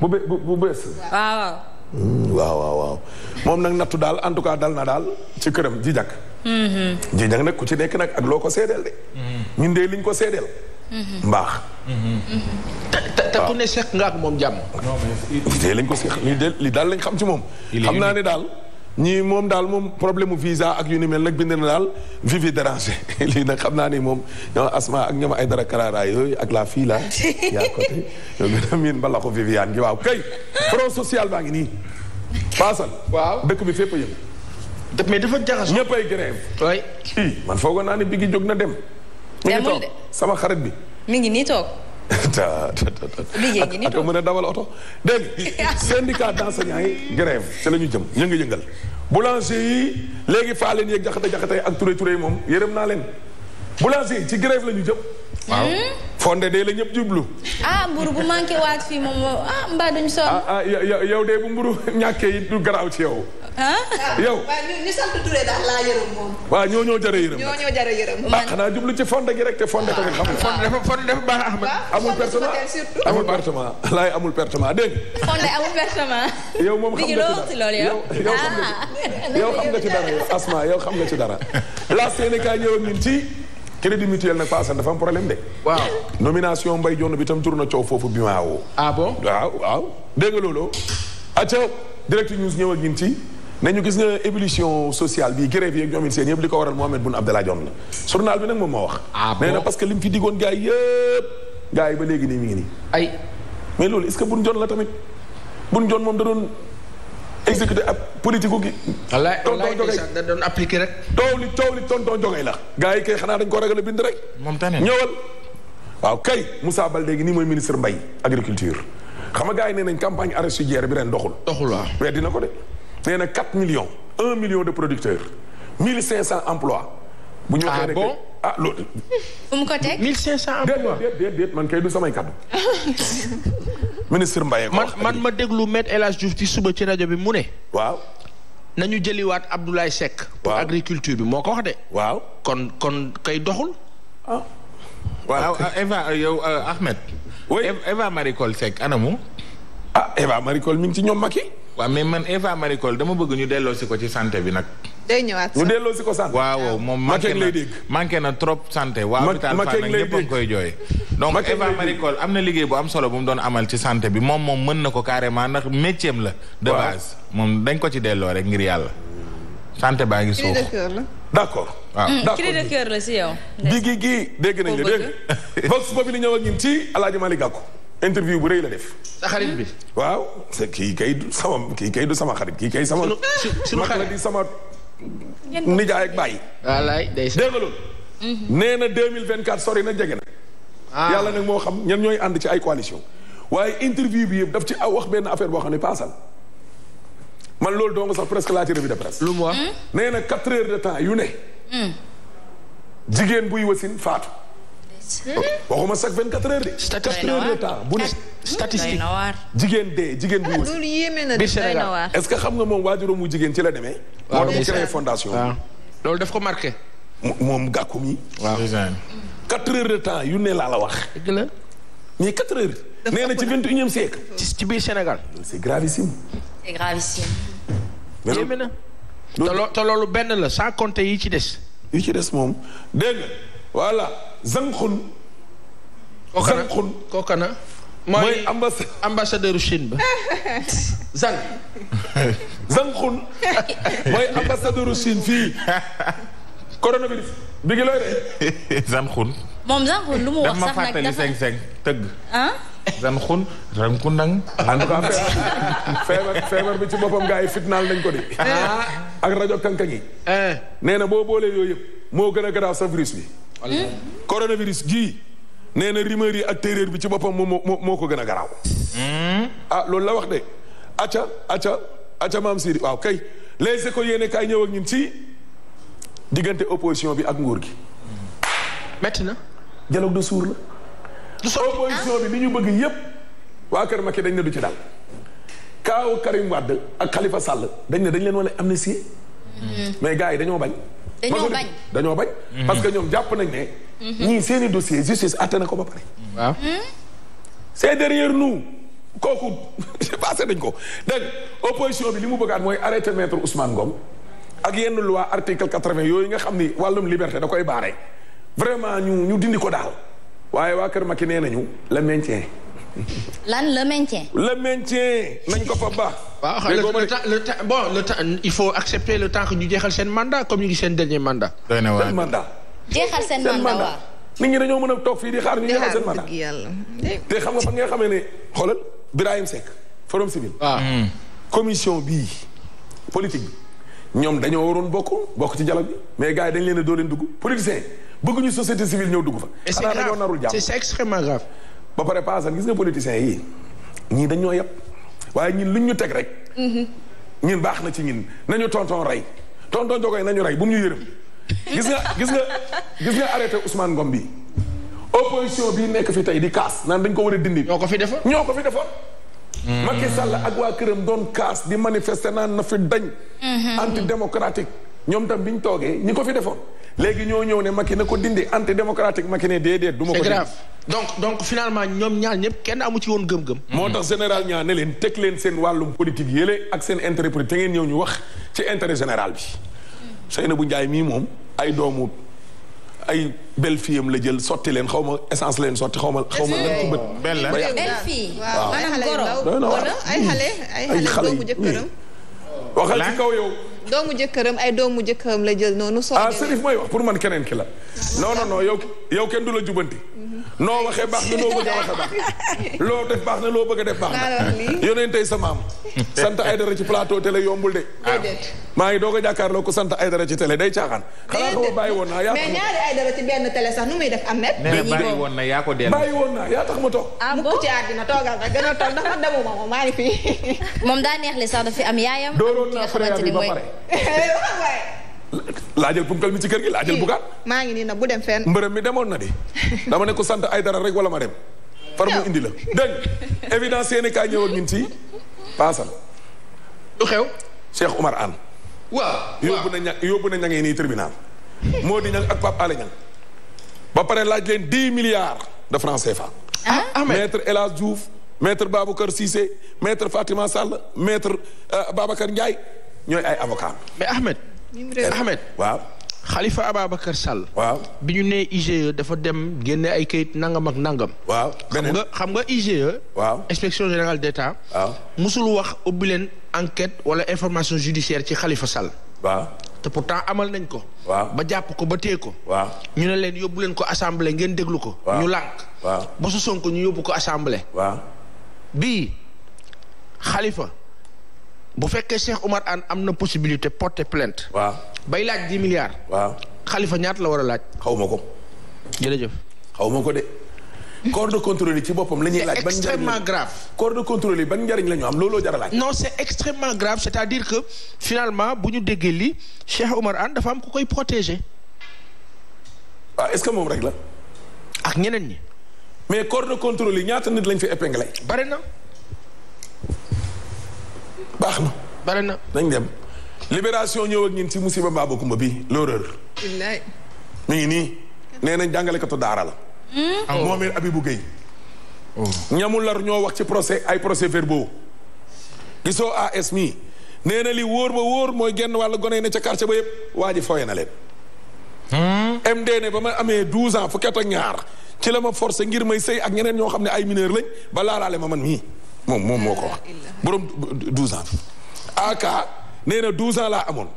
bu be bu bees. Hmm, waaw. waaw waaw moom nag nattu daal en tout cas dal na daal ci këram ji jàkk. Hmm. ji jàkk nag ku ci nekk nag ak loo ko seedeel de. Hmm. ñun de liñ ko seedeel. mbaax. te te ku ne seq nga ak moom jàmm. non liñ ko seq li daal lañ xam ci moom. xam naa ne daal. ñii moom daal moom problème mu visa ak yu ni mel nag bind na daal vie bi dérangé lii nag xam naa ni moom ñoom asma ak ñoom ay dara karara yooyu ak la fii la yaa côté yow gën a miin bala ko Viviane gi waaw kay front social baa ngi nii paasal waaw dëkk bi fépp yëpp mais dafa jaxas ñëppay grève waay man foogoon naa ne bi gi jóg na dem mu sama xarit bi mi ngi nii toog taa liggéey gi nii toog mën a dawal oto dégg syndicat d'enseignants yi grève ci la ñu jëm ñu ngi yëngal boulanger yi léegi faa leen yeeg jaxate jaxate yi ak ture ture yi moom yërëm naa leen boulanger yi ci grève la ñu jëm waaw hmm? fonde de la ñëpp jublu ah mburu bu manqué waat fii moom ah mbaa duñ sonn ah, ah yow de bu mburu ñàkkee yi du garaaw ci yow ah yow waaw ñu yërëm moom. waaw ñoo ñoo jërë yërëm. ñoo ñoo jërë man ah xanaa jublu ci fonde gi rek te fonde ko nga fonde dafa fonde amul pertement amul pertement laay amul pertement dégg fonde amul pertement. yow moom xam nga ci dara yow yow xam nga ci dara yow xam nga ci dara. la Sénégal ñëw ñun ci. crédit mutuel na Fassane dafa am problème de. waaw nomination Mbaye Dione bi tam tur na coow foofu bi maa woo. ah bon waaw waaw dégg nga loolu. direct news ñëw ak ci nañu gis nga ébullition sociale bi grève yeeg ñoom it seen li ko waral Mohamed Boun Abdallah Dionne la journal bi nag moom moo wax. Ah nee na parce que li mu fi diggoon gars yi yëpp gars yi ba léegi nii mi ngi nii. ay mais loolu est-ce que Boun Dionne la tamit Boun Dionne moom da doon exécuté ab politique gi. wallaay wallaay déjà da doon appliqué rek. toow li toow li tonton jogay la. gars yi kay xanaa dañ ko ragal a bind rek. moom tamit ñëwal. waaw kay Moussa Baldé gi nii mooy ministre mbay agriculture xam nga gars yi nee nañ campagne arachidière bi ren doxul. doxul waaw weddi na ko de. nee na 4 millions 1 million de producteurs 1500 emplois. bu ñu waxee ah rek ah loolu. bu mu ko teg 1500 man kay du samay kaddu. ministre Mbaye man ma déglu maître El Hadj ci suba ci rajo bi mu ne. waaw. nañu jëliwaat Abdoulaye Seck. pour agriculture bi moo ko wax de. waaw kon kon kay doxul. ah. ah Eva euh, yow euh, Ahmed. oui Eva Maricol Seck anamu. ah Eva Maricol mi ngi ci ñoom Macky. waaw mais man Eva Marie dama bëgg ñu delloo si ko ci santé bi nag. day ñëwaat sax ñu delloo waaw moom manqué na manqué na trop sante waaw hôpital Fann nag ñëpp a ngi koy jooy. donc Eva Marie Coll am na liggéey bu am solo bu mu doon amal ci sante bi moom moom mën na ko carrément ndax métier la. de moom dañ ko ci delloo rek ngir yàlla. sante baa ngi suuf d' d' accord cri de cœur gi gi gi dégg nañu la dégg Vox Populi ñëw ak ñun ci El mali Malick Gakou interview bu rëy la def. sa xarit bi. waaw kii kay du sama kii kay du sama xarit kii kay sama. sama xarit di sama nijaay ak bàyyi. wallaay day dégg nga loolu. Mhm. nee na 2024 sori na jege na. Ah. yàlla nag moo xam ñan ñooy ànd ci ay coalition waaye interview bi yëpp daf ci aw wax benn affaire boo xam ne paasal. man loolu dong sax presque laa ci revue de presse. lu mu wax hmm? nee na 4 heures de temps yu ne. Hmm. jigéen buy wasin faatu. waxuma chaque vingt quatre heures de. quatre heures bu ne. statistique jigéen de jigéen bi ah, wut. loolu yéeme na de Sénégal est-ce que xam nga moom waajuram mu jigéen ci la demee. waaw moo loolu daf ko marqué. moom gàkku mi. waaw quatre heures de temps yu ne laa la wax. dëgg la mais quatre heures. nee ci vingt et unième siècle. ci biir Sénégal. c'est gravissime. c'est gravissime. yéeme na. te loolu benn la sans compter yi ci des. yi ci des moom dégg nga voilà. Zhang-Khun. Zhang-Khun kookana mooy ambassadeur Chine ba Zhang. mooy ambassadeur Chine fii coronavirus bi ngi looy de. zhang moom zhang lu mu wax sax nag dafa seng seng feebar bi ci boppam gars yi fitnaal nañ ko de. ak rajo kankan yi. nee na boo boolee yooyu yëpp moo gën a garaaw sa bi. Hmm? coronavirus gii nee na rumeur ak téeréer bi ci boppam moo moo moo ko gën a garaw hmm? ah loolu la wax de. acca acca acca maam Sidi waaw kay les écoles yéene kaay ñëw ak ñun ci diggante opposition bi ak nguur gi. metti na. dialogue de sourds la. opposition bi li ñu bëgg yépp waa Kër ki dañ ne du ci dal. kaaw Karim Wade ak Khalifa Sall dañ ne dañ leen wane amnistie. Hmm. mais gars yi dañoo bañ. dañoo bañ dañoo bañ. Mhm. parce que ñoom jàpp nañ ne. Mhm. ñii seeni i dossier justice àtte na ko ba pare. waaw. Hmm? c'est derrière nous kooku passé dañ ko dégg opposition bi li mu bëggaat mooy arrêter maître Ousmane Ngom ak yenn loi article quatre-vingt yooyu nga xam ni wàllum liberté da koy baare vraiment ñu ñu dindi ko daal waaye waa Kër Macky nee nañu la maintien. lan le maintien. le maintien nañ ko fa baax. waaw le temps bon le temps il faut accepter le temps ñu jeexal seen mandat comme ñu ngi seen dernier mandat. doy na seen mandat. jeexal seen mandat waaw. nit ñi dañoo mën a toog fii di xaar ñu jeexal seen mandat. te xam nga fan nga xamee ne xoolal Birahim Seck forum civil. waaw ah. hmm. commission bi politique bi. ñoom dañoo waroon bokk bokk ci dialogue bi mais gars dañ leen a doo leen dugg politicien bëgguñu société civile ñëw dugg fa. xanaa dañoo narul jàmm c'est ba pare paasan gis nga politiciens yi ñii dañoo yëpp waaye ñun luñ ñu teg rek. ñun baax na ci ñun nañu ton rey tonton jogoy nañu rey bu mu ñu yërëm. gis nga gis nga gis nga arrêté Ousmane Ngom bi opposition bi nekk fi tey di kaas naan dañ ko war a dindi. ñoo ko fi defoon ñoo ko fi defoon. Hmm. Macky Sall ak waa këram doon kaas di manifester naan na fi dañ. Hmm. anti démocratique ñoom tam bi ñu toogee ñi ko fi defoo léegi ñoo ñëw ne Macky na ko dindi anti démocratique Macky ne déedéet du ma ko. c'est grave donc donc finalement ñoom ñaar ñëpp kenn amu ci woon gëm-gëm. moo tax général ñaa ne leen teg leen seen wàllum politique yële ak seen intérêt politique te ngeen ñëw ñu wax ci intérêt général bi. Seynabou Ndiaye mii moom ay doomu ay belle fille am la jël sotti leen xaw ma essence leen sotti xaw ma. xaw ma lan ci bët. belle fille waaw ay xale ay xale doomu jëkkëram waxal ci kaw yow. doomu jëkkëram ay doomu jëkkëram la jël noonu. soo ah Serif mooy wax pour man keneen ki la. non non non yow yow kenn du la jubanti. noo waxee baax na loo bëgg a waxee baax loo def baax na loo bëgg a def baax na yoneen tey sa maam sant ay dara ci plateau télé yombul de maa ngi doog a jàkkaarloo ko sant ay dara ci télé day caaxaan xanaa xaw ma bàyyi woon naa yaa mais ñaari ay dara ci benn télé sax nu muy def am net bàyyi woon na yaa ko dellu bàyyi woon naa yaa tax ma toog ah mukk ci àddina toogal rek gën a toog ndax man demuma moom maa ngi fii moom daa neex li sax dafi am yaayam dooroon naa frère bi ba pare laajal punkal mi ci kër gi laajal bugaan. maa ngi nii nag bu dem fenn. mbërëm mi demoon na di dama ne ko sant ay dara rek wala ma dem. far indi la dégg évidence yéen kaa ñëwoon ñun ci paasal. du xew. Cheikh Oumar Anne. yóbbu na ña nii tribunal. moo di ñang ak Pape Alé Niang ba pare laaj leen dix milliards de francs CFA. ah, ah maître El Hadj Diouf maître Baboucar Cissé maître Fatima Sall maître euh, Babacar Ndiaye ñooy ay avocat mais Ahmed. Eh, Ahmed waaw Khalifa Ababacar Sall. waaw bi ñu nee IGE dafa dem génne ay kayit nangam ak nangam. waaw xam nga xam nga IGE. waaw inspection générale d'État. mosul wax ubbi leen enquête wala information judiciaire ci xalifa Sall. waaw te pourtant amal nañ ko. waaw ba jàpp ko ba téye ko. waaw ñu ne leen yóbbu leen ko assemblée ngeen déglu ko. ñu lànk. waaw ba su Sonko ñu yóbbu ko assemblée. waaw bii Khalifa. bu fekkee Cheikh Oumar Anne am na possibilité porter plainte. waaw bay laaj dix milliards. waaw xalifa ñaata la war a laaj. xaw ma ko. jërëjëf. xaw ma ko de. corps de contrôle yi ci boppam la ñuy laaj. ban njëriñ c'est extrêmement grave. corps de contrôle njëriñ la ñu am looloo jar a laaj. non c'est extrêmement grave c'est-à-dire que finalement bu ñu déggee lii Cheikh Oumar Anne dafa am ku koy protéger. ah est-ce que moom rek la. ak ñeneen ñi. mais corps de contrôle yi ñaata nit lañ fi épinglé. bare na. baax na. bare na nañ dem. libération ñëw ak ñun ci musiba Mbaba Kumba bi l'horreur. wallaay. mi ngi nii nee nañ jàngalekatu daara la. am hmm? oh. moom it Abibou oh. ñamu lar ñoo wax ci procès ay procès verbaux. gisoo AS mi nee na li wóor ba wóor mooy genn wàllu gone na ca quartier ba yëpp waa ji fooye na leen. MD hmm? ne ba ma amee 12 ans fukki at ak ñaar ci la ma force ngir may sëy ak ñeneen ñoo xam ne ay mineur lañ ba laalaale ma man mii. moom moom moo ko wax borom 12 ans bi AK nee na 12 ans laa amoon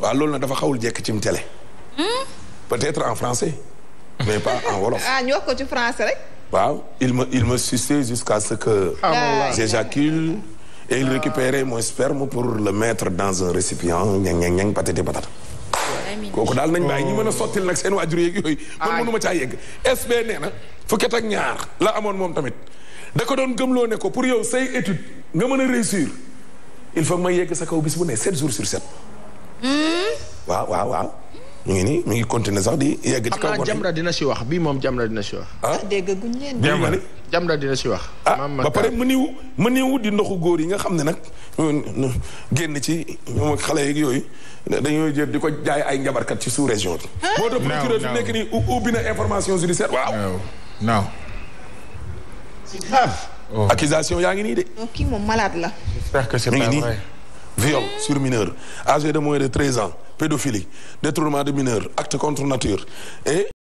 waaw loolu na dafa xawul jekk cim télé hmm? peut-être en français mais pas en wolof ah ñu wax ko ci français rek waaw il me il me suçait jusqu'à ce que ah, j'éjacule et il ah. récupérait mon sperme pour le mettre dans un récipient ñang ñang ñang patati patata kooku daal nañ bàyyi ñu ma a oh. sottil nag seen waajur yeeg yooyu man mënu ma caa yegg SB nee fukket ak ñaar la amoon moom tamit da ko doon loo ne ko pour yow say étude nga mën a réussir il faut ma yegg sa kaw bis bu ne sept jours sur sept. Hmm? waaw waaw waaw. ñu ngi nii mi ngi continuer sax di yegg ci kaw Jamra dina si wax bii moom Jamra dina si wax. ah, ah dégg guñ leen. Jamra Jamra dina si wax. ah ba pare mëniw mëniw di ndoxu góor yi nga xam ne nag génn ci ñoom ak xale yeeg yooyu dañooy jël di ko jaay ay njabarkat ci sous région bi. moo tax procureur fi nekk nii ubbi na information judiciaire waaw. waaw Oh. accusation yaa ngi nii la. j'espère que c'est pas vrai. viol sur mineur âgé de moins de treize ans pédophilie détournement de mineur acte contre nature et